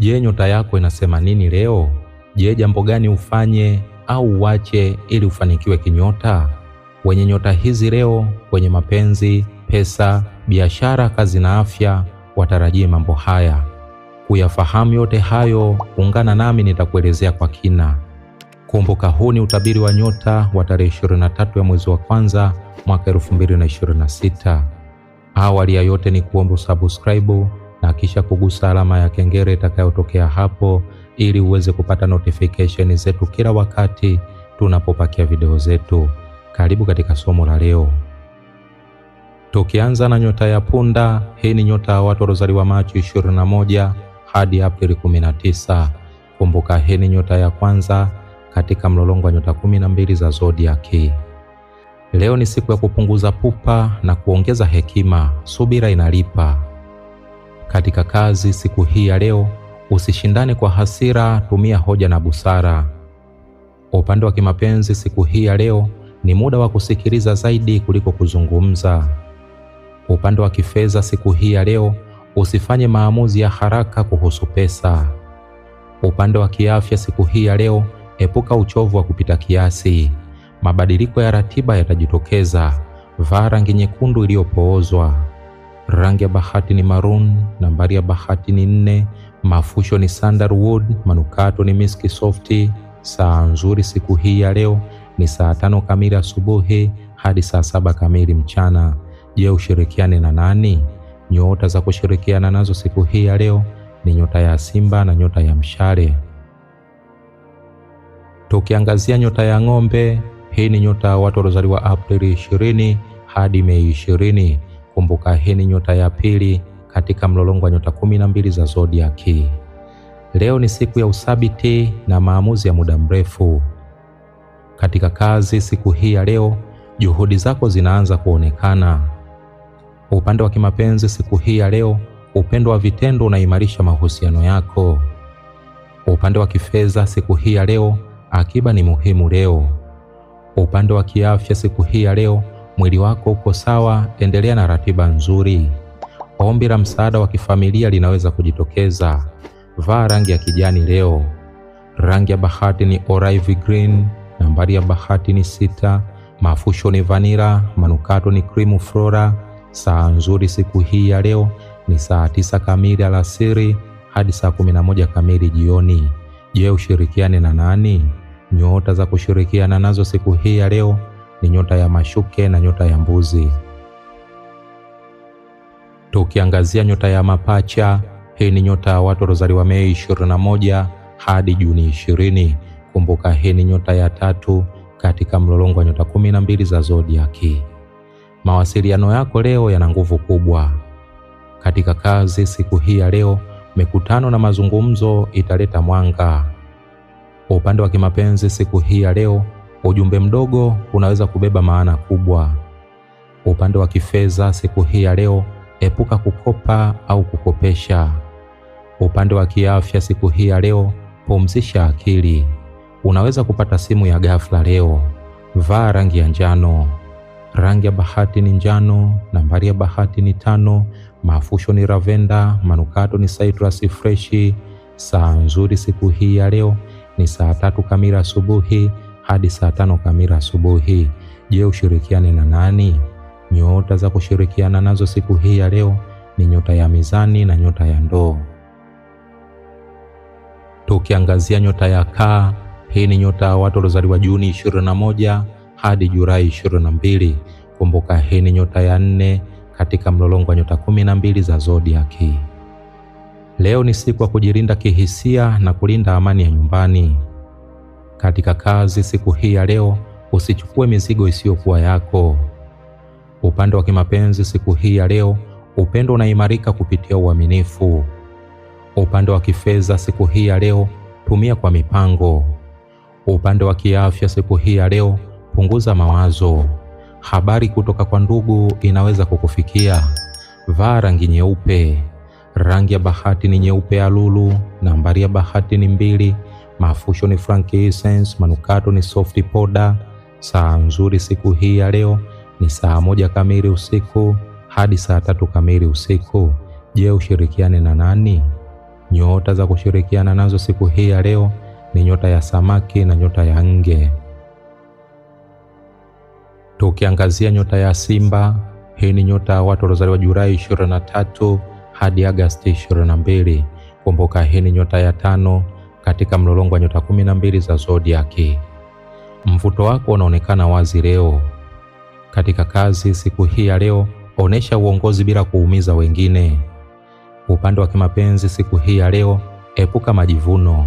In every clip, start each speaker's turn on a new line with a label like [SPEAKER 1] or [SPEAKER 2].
[SPEAKER 1] Je, nyota yako inasema nini leo? Je, jambo gani ufanye au uache ili ufanikiwe kinyota? Wenye nyota hizi leo, kwenye mapenzi, pesa, biashara, kazi na afya, watarajie mambo haya. Kuyafahamu yote hayo, ungana nami nitakuelezea kwa kina. Kumbuka, huu ni utabiri wa nyota wa tarehe 23 ya mwezi wa kwanza mwaka 2026. Awali ya yote ni kuomba usubscribe na kisha kugusa alama ya kengele itakayotokea hapo ili uweze kupata notification zetu kila wakati tunapopakia video zetu. Karibu katika somo la leo, tukianza na nyota ya punda. Hii ni nyota ya watu waliozaliwa Machi 21 hadi Aprili 19. Kumbuka, hii ni nyota ya kwanza katika mlolongo wa nyota 12 za zodiaki. Leo ni siku ya kupunguza pupa na kuongeza hekima. Subira inalipa. Katika kazi siku hii ya leo, usishindane kwa hasira, tumia hoja na busara. Upande wa kimapenzi siku hii ya leo, ni muda wa kusikiliza zaidi kuliko kuzungumza. Upande wa kifedha siku hii ya leo, usifanye maamuzi ya haraka kuhusu pesa. Upande wa kiafya siku hii ya leo, epuka uchovu wa kupita kiasi. Mabadiliko ya ratiba yatajitokeza. Vaa rangi nyekundu iliyopoozwa. Rangi ya bahati ni maroon, nambari ya bahati ni nne, mafusho ni sandalwood, manukato ni miski softi. Saa nzuri siku hii ya leo ni saa tano kamili asubuhi hadi saa saba kamili mchana. Je, ushirikiane na nani? Nyota za kushirikiana nazo siku hii ya leo ni nyota ya Simba na nyota ya Mshale. Tukiangazia nyota ya Ng'ombe, hii ni nyota ya watu waliozaliwa Aprili 20 hadi Mei 20. Kumbuka hii ni nyota ya pili katika mlolongo wa nyota kumi na mbili za zodiaki. Leo ni siku ya uthabiti na maamuzi ya muda mrefu. Katika kazi siku hii ya leo, juhudi zako zinaanza kuonekana. Upande wa kimapenzi siku hii ya leo, upendo wa vitendo unaimarisha mahusiano yako. Upande wa kifedha siku hii ya leo, akiba ni muhimu leo. Upande wa kiafya siku hii ya leo mwili wako uko sawa, endelea na ratiba nzuri. Ombi la msaada wa kifamilia linaweza kujitokeza. Vaa rangi ya kijani leo. Rangi ya bahati ni olive green. Nambari ya bahati ni sita. Mafusho ni vanira. Manukato ni krimu flora. Saa nzuri siku hii ya leo ni saa tisa kamili alasiri hadi saa kumi na moja kamili jioni. Je, ushirikiane na nani? Nyota za kushirikiana nazo siku hii ya leo ni nyota ya mashuke na nyota ya mbuzi. Tukiangazia nyota ya mapacha, hii ni nyota ya watu waliozaliwa Mei 21 hadi Juni 20. Kumbuka, hii ni nyota ya tatu katika mlolongo wa nyota 12 mbili za zodiaki. Mawasiliano yako leo yana nguvu kubwa. Katika kazi siku hii ya leo, mikutano na mazungumzo italeta mwanga. Upande wa kimapenzi siku hii ya leo Ujumbe mdogo unaweza kubeba maana kubwa. Upande wa kifedha siku hii ya leo, epuka kukopa au kukopesha. Upande wa kiafya siku hii ya leo, pumzisha akili. Unaweza kupata simu ya ghafla leo. Vaa rangi ya njano. Rangi ya bahati ni njano. Nambari ya bahati ni tano. Mafusho ni ravenda. Manukato ni citrus freshi. Saa nzuri siku hii ya leo ni saa tatu kamili asubuhi hadi saa tano kamili asubuhi. Je, ushirikiane na nani? Nyota za kushirikiana nazo siku hii ya leo ni nyota ya mizani na nyota ya ndoo. Tukiangazia nyota ya kaa, hii ni nyota ya watu waliozaliwa Juni 21 hadi Julai 22. Kumbuka hii ni nyota ya nne katika mlolongo wa nyota kumi na mbili za zodiaki. Leo ni siku ya kujilinda kihisia na kulinda amani ya nyumbani. Katika kazi siku hii ya leo, usichukue mizigo isiyokuwa yako. Upande wa kimapenzi siku hii ya leo, upendo unaimarika kupitia uaminifu. Upande wa kifedha siku hii ya leo, tumia kwa mipango. Upande wa kiafya siku hii ya leo, punguza mawazo. Habari kutoka kwa ndugu inaweza kukufikia. Vaa rangi nyeupe. Rangi ya bahati ni nyeupe ya lulu. Nambari ya bahati ni mbili. Mafusho ni frankincense, manukato ni soft powder. Saa nzuri siku hii ya leo ni saa moja kamili usiku hadi saa tatu kamili usiku. Je, ushirikiane na nani? Nyota za kushirikiana nazo siku hii ya leo ni nyota ya samaki na nyota ya nge. Tukiangazia nyota ya Simba, hii ni nyota ya watu waliozaliwa Julai 23 hadi Agasti 22. Kumbuka, hii ni nyota ya tano katika mlolongo wa nyota kumi na mbili za zodiaki. Mvuto wako unaonekana wazi leo. Katika kazi siku hii ya leo, onesha uongozi bila kuumiza wengine. Upande wa kimapenzi siku hii ya leo, epuka majivuno.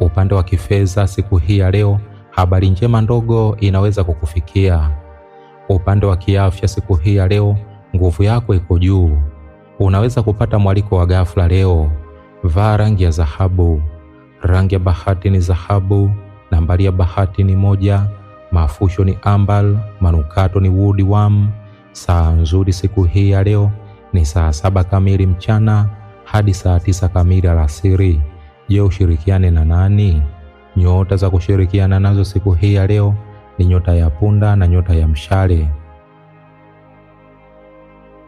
[SPEAKER 1] Upande wa kifedha siku hii ya leo, habari njema ndogo inaweza kukufikia. Upande wa kiafya siku hii ya leo, nguvu yako iko juu. Unaweza kupata mwaliko wa ghafla leo. Vaa rangi ya dhahabu. Rangi ya bahati ni dhahabu, nambari ya bahati ni moja, mafusho ni ambal, manukato ni wood Saa nzuri siku hii ya leo ni saa saba kamili mchana hadi saa tisa kamili alasiri. Je, ushirikiane na nani? Nyota za kushirikiana nazo siku hii ya leo ni nyota ya punda na nyota ya mshale.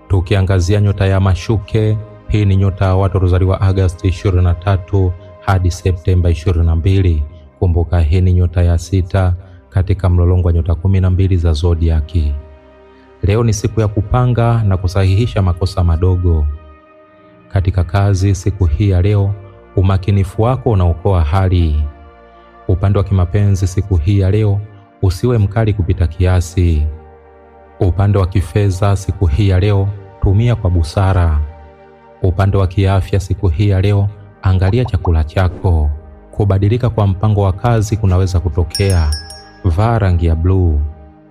[SPEAKER 1] Tukiangazia nyota ya mashuke, hii ni nyota ya watu waliozaliwa Agosti 23 hadi Septemba 22. Kumbuka hii ni nyota ya sita katika mlolongo wa nyota kumi na mbili za zodiaki. Leo ni siku ya kupanga na kusahihisha makosa madogo katika kazi. Siku hii ya leo, umakinifu wako unaokoa hali. Upande wa kimapenzi, siku hii ya leo, usiwe mkali kupita kiasi. Upande wa kifedha, siku hii ya leo, tumia kwa busara. Upande wa kiafya, siku hii ya leo Angalia chakula chako. Kubadilika kwa mpango wa kazi kunaweza kutokea. Vaa rangi ya bluu.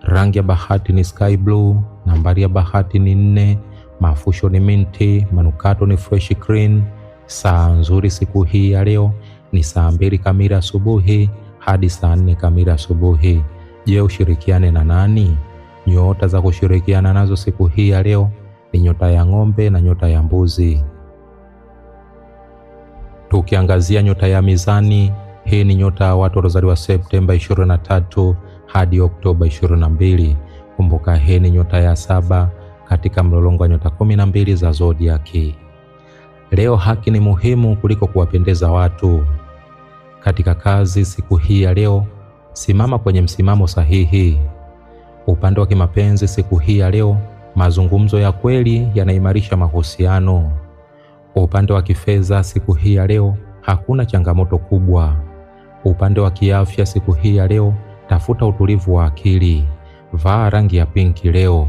[SPEAKER 1] Rangi ya bahati ni sky blue. Nambari ya bahati ni nne. Mafusho ni minti. Manukato ni fresh green. Saa nzuri siku hii ya leo ni saa mbili kamili asubuhi hadi saa nne kamili asubuhi. Je, ushirikiane na nani? Nyota za kushirikiana nazo siku hii ya leo ni nyota ya ng'ombe na nyota ya mbuzi tukiangazia nyota ya mizani. Hii ni nyota ya watu waliozaliwa Septemba 23 hadi Oktoba 22. Kumbuka, hii ni nyota ya saba katika mlolongo wa nyota 12 za zodiaki. Leo haki ni muhimu kuliko kuwapendeza watu. Katika kazi siku hii ya leo, simama kwenye msimamo sahihi. Upande wa kimapenzi siku hii ya leo, mazungumzo ya kweli yanaimarisha mahusiano. Kwa upande wa kifedha siku hii ya leo hakuna changamoto kubwa. Upande wa kiafya siku hii ya leo, tafuta utulivu wa akili. Vaa rangi ya pinki leo.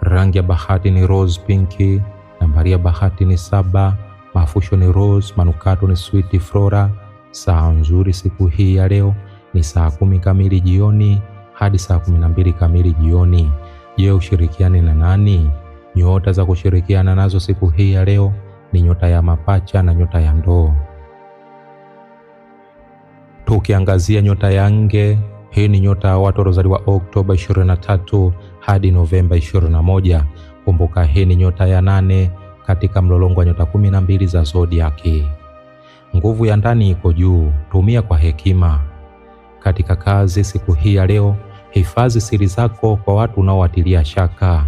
[SPEAKER 1] Rangi ya bahati ni rose pinki. Nambari ya bahati ni saba. Mafusho ni rose, manukato ni sweet flora. Saa nzuri siku hii ya leo ni saa kumi kamili jioni hadi saa kumi na mbili kamili jioni. Je, ushirikiane na nani? Nyota za kushirikiana nazo siku hii ya leo ni nyota ya mapacha na nyota ya ndoo. Tukiangazia nyota ya nge, hii ni nyota ya watu waliozaliwa Oktoba 23 hadi Novemba 21. Kumbuka hii ni nyota ya nane katika mlolongo wa nyota 12 mbili za zodiaki. Nguvu ya ndani iko juu, tumia kwa hekima katika kazi siku hii ya leo. Hifadhi siri zako kwa watu unaowatilia shaka.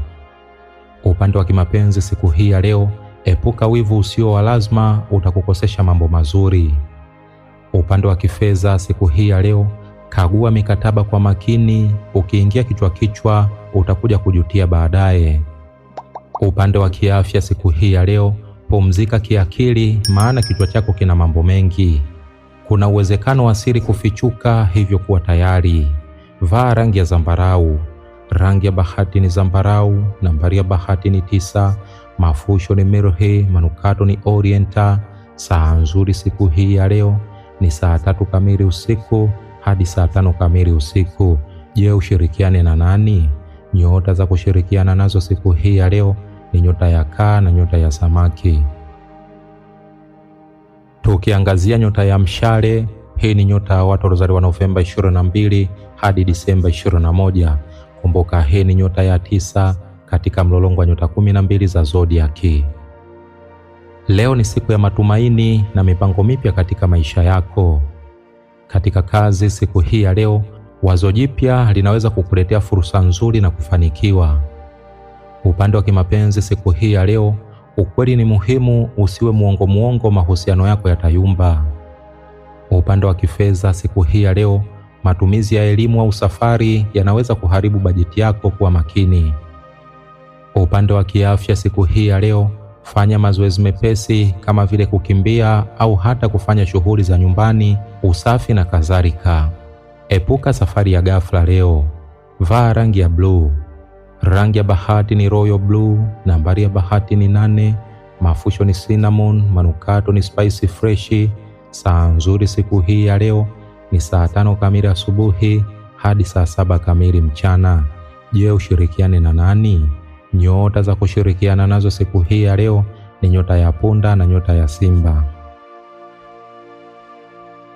[SPEAKER 1] Upande wa kimapenzi siku hii ya leo, Epuka wivu usio wa lazima, utakukosesha mambo mazuri. Upande wa kifedha siku hii ya leo, kagua mikataba kwa makini. Ukiingia kichwa kichwa, utakuja kujutia baadaye. Upande wa kiafya siku hii ya leo, pumzika kiakili, maana kichwa chako kina mambo mengi. Kuna uwezekano wa siri kufichuka, hivyo kuwa tayari. Vaa rangi ya zambarau. Rangi ya bahati ni zambarau. Nambari ya bahati ni tisa. Mafusho ni Merohe, manukato ni Orienta. Saa nzuri siku hii ya leo ni saa tatu kamili usiku hadi saa tano kamili usiku. Je, ushirikiane na nani? Nyota za kushirikiana nazo siku hii ya leo ni nyota ya kaa na nyota ya samaki. Tukiangazia nyota ya mshale, hii ni nyota ya watu waliozaliwa Novemba 22 hadi Disemba 21. Kumbuka, hii ni nyota ya tisa katika mlolongo wa nyota kumi na mbili za zodiaki. Leo ni siku ya matumaini na mipango mipya katika maisha yako. Katika kazi, siku hii ya leo, wazo jipya linaweza kukuletea fursa nzuri na kufanikiwa. Upande wa kimapenzi, siku hii ya leo, ukweli ni muhimu, usiwe muongo muongo, mahusiano yako yatayumba. Upande wa kifedha, siku hii ya leo, matumizi ya elimu au safari yanaweza kuharibu bajeti yako, kuwa makini. Kwa upande wa kiafya siku hii ya leo, fanya mazoezi mepesi kama vile kukimbia au hata kufanya shughuli za nyumbani, usafi na kadhalika. Epuka safari ya ghafla leo. Vaa rangi ya bluu. Rangi ya bahati ni royal blue. Nambari ya bahati ni nane. Mafusho ni cinnamon. Manukato ni spicy fresh. Saa nzuri siku hii ya leo ni saa tano kamili asubuhi hadi saa saba kamili mchana. Je, ushirikiane na nani? Nyota za kushirikiana nazo siku hii ya leo ni nyota ya punda na nyota ya simba.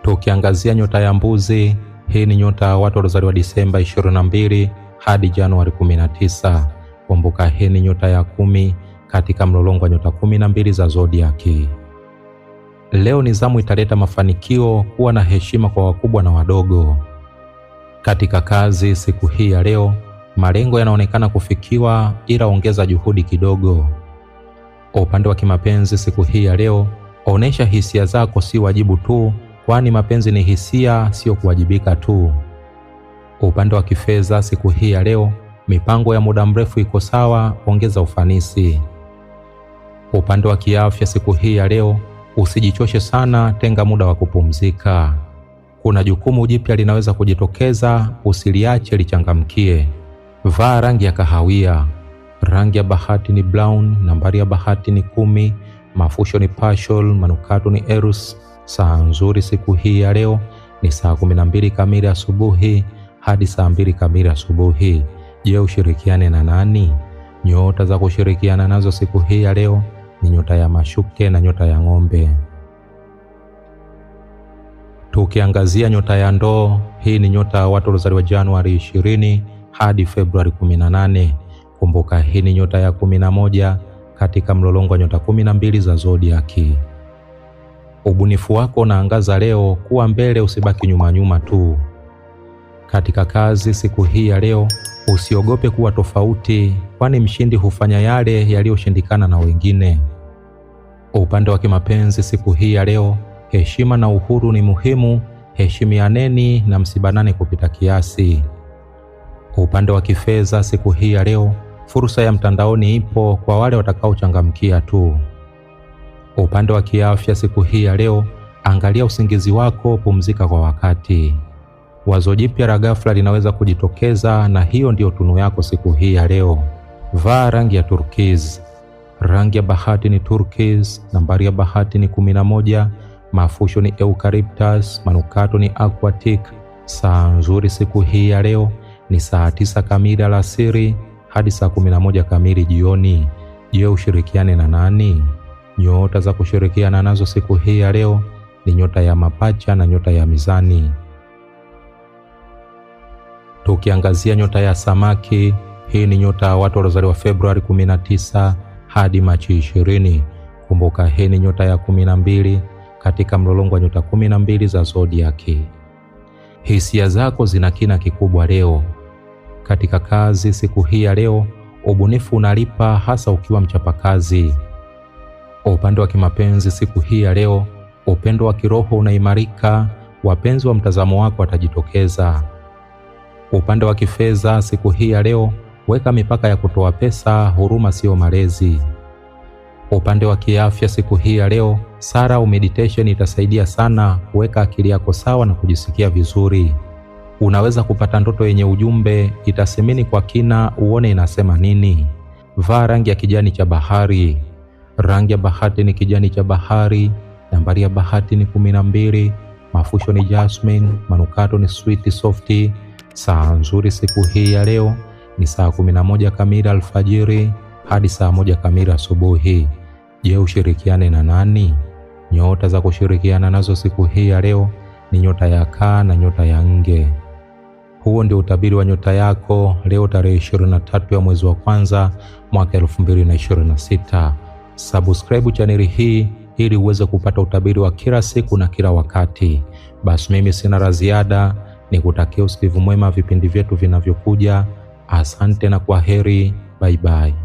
[SPEAKER 1] Tukiangazia nyota ya mbuzi, hii ni nyota ya watu waliozaliwa Disemba 22 hadi Januari 19. Kumbuka, hii ni nyota ya kumi katika mlolongo wa nyota kumi na mbili za zodiaki. Leo ni zamu italeta mafanikio, kuwa na heshima kwa wakubwa na wadogo. Katika kazi siku hii ya leo Malengo yanaonekana kufikiwa, ila ongeza juhudi kidogo. Kwa upande wa kimapenzi, siku hii ya leo, onesha hisia zako, si wajibu tu, kwani mapenzi ni hisia, sio kuwajibika tu. Kwa upande wa kifedha, siku hii ya leo, mipango ya muda mrefu iko sawa, ongeza ufanisi. Kwa upande wa kiafya, siku hii ya leo, usijichoshe sana, tenga muda wa kupumzika. Kuna jukumu jipya linaweza kujitokeza, usiliache lichangamkie. Vaa rangi ya kahawia. Rangi ya bahati ni brown. Nambari ya bahati ni kumi. Mafusho ni pashol. Manukato ni erus. Saa nzuri siku hii ya leo ni saa kumi na mbili kamili asubuhi hadi saa mbili kamili asubuhi. Je, ushirikiane na nani? Nyota za kushirikiana nazo siku hii ya leo ni nyota ya mashuke na nyota ya ng'ombe. Tukiangazia nyota ya ndoo, hii ni nyota ya watu waliozaliwa Januari ishirini hadi Februari 18. Kumbuka hii ni nyota ya 11 katika mlolongo wa nyota 12 za zodiaki. Ubunifu wako na angaza leo, kuwa mbele, usibaki nyuma nyuma tu. Katika kazi siku hii ya leo, usiogope kuwa tofauti, kwani mshindi hufanya yale yaliyoshindikana na wengine. Upande wa kimapenzi siku hii ya leo, heshima na uhuru ni muhimu, heshimianeni na msibanane kupita kiasi. Kwa upande wa kifedha, siku hii ya leo, fursa ya mtandaoni ipo kwa wale watakaochangamkia tu. Kwa upande wa kiafya, siku hii ya leo, angalia usingizi wako, pumzika kwa wakati. Wazo jipya la ghafla linaweza kujitokeza, na hiyo ndiyo tunu yako siku hii ya leo. Vaa rangi ya turkiz. Rangi ya bahati ni turkiz. Nambari ya bahati ni kumi na moja. Mafusho ni eucalyptus. Manukato ni aquatic. Saa nzuri siku hii ya leo ni saa tisa kamili alasiri hadi saa kumi na moja kamili jioni. Je, ushirikiane na nani? Nyota za kushirikiana nazo siku hii ya leo ni nyota ya mapacha na nyota ya mizani. Tukiangazia nyota ya samaki, hii ni nyota ya watu waliozaliwa Februari 19 hadi Machi 20. Kumbuka, hii ni nyota ya 12 katika mlolongo wa nyota 12 za zodiaki. Hisia zako zina kina kikubwa leo. Katika kazi siku hii ya leo, ubunifu unalipa hasa ukiwa mchapakazi. Upande wa kimapenzi siku hii ya leo, upendo wa kiroho unaimarika, wapenzi wa mtazamo wako watajitokeza. Upande wa kifedha siku hii ya leo, weka mipaka ya kutoa pesa, huruma siyo malezi. Upande wa kiafya siku hii ya leo, sara au meditation itasaidia sana kuweka akili yako sawa na kujisikia vizuri. Unaweza kupata ndoto yenye ujumbe, itasimini kwa kina, uone inasema nini. Vaa rangi ya kijani cha bahari. Rangi ya bahati ni kijani cha bahari. Nambari ya bahati ni kumi na mbili. Mafusho ni jasmine, manukato ni sweet softi. Saa nzuri siku hii ya leo ni saa moja kamili alfajiri hadi saa moja kamili asubuhi. Je, ushirikiane na nani? Nyota za kushirikiana nazo siku hii ya leo ni nyota ya kaa na nyota ya nge. Huo ndio utabiri wa nyota yako leo tarehe 23 ya mwezi wa kwanza mwaka 2026. Subscribe chaneli hii ili uweze kupata utabiri wa kila siku na kila wakati. Basi mimi sina la ziada, nikutakia usikivu mwema vipindi vyetu vinavyokuja. Asante na kwa heri, baibai.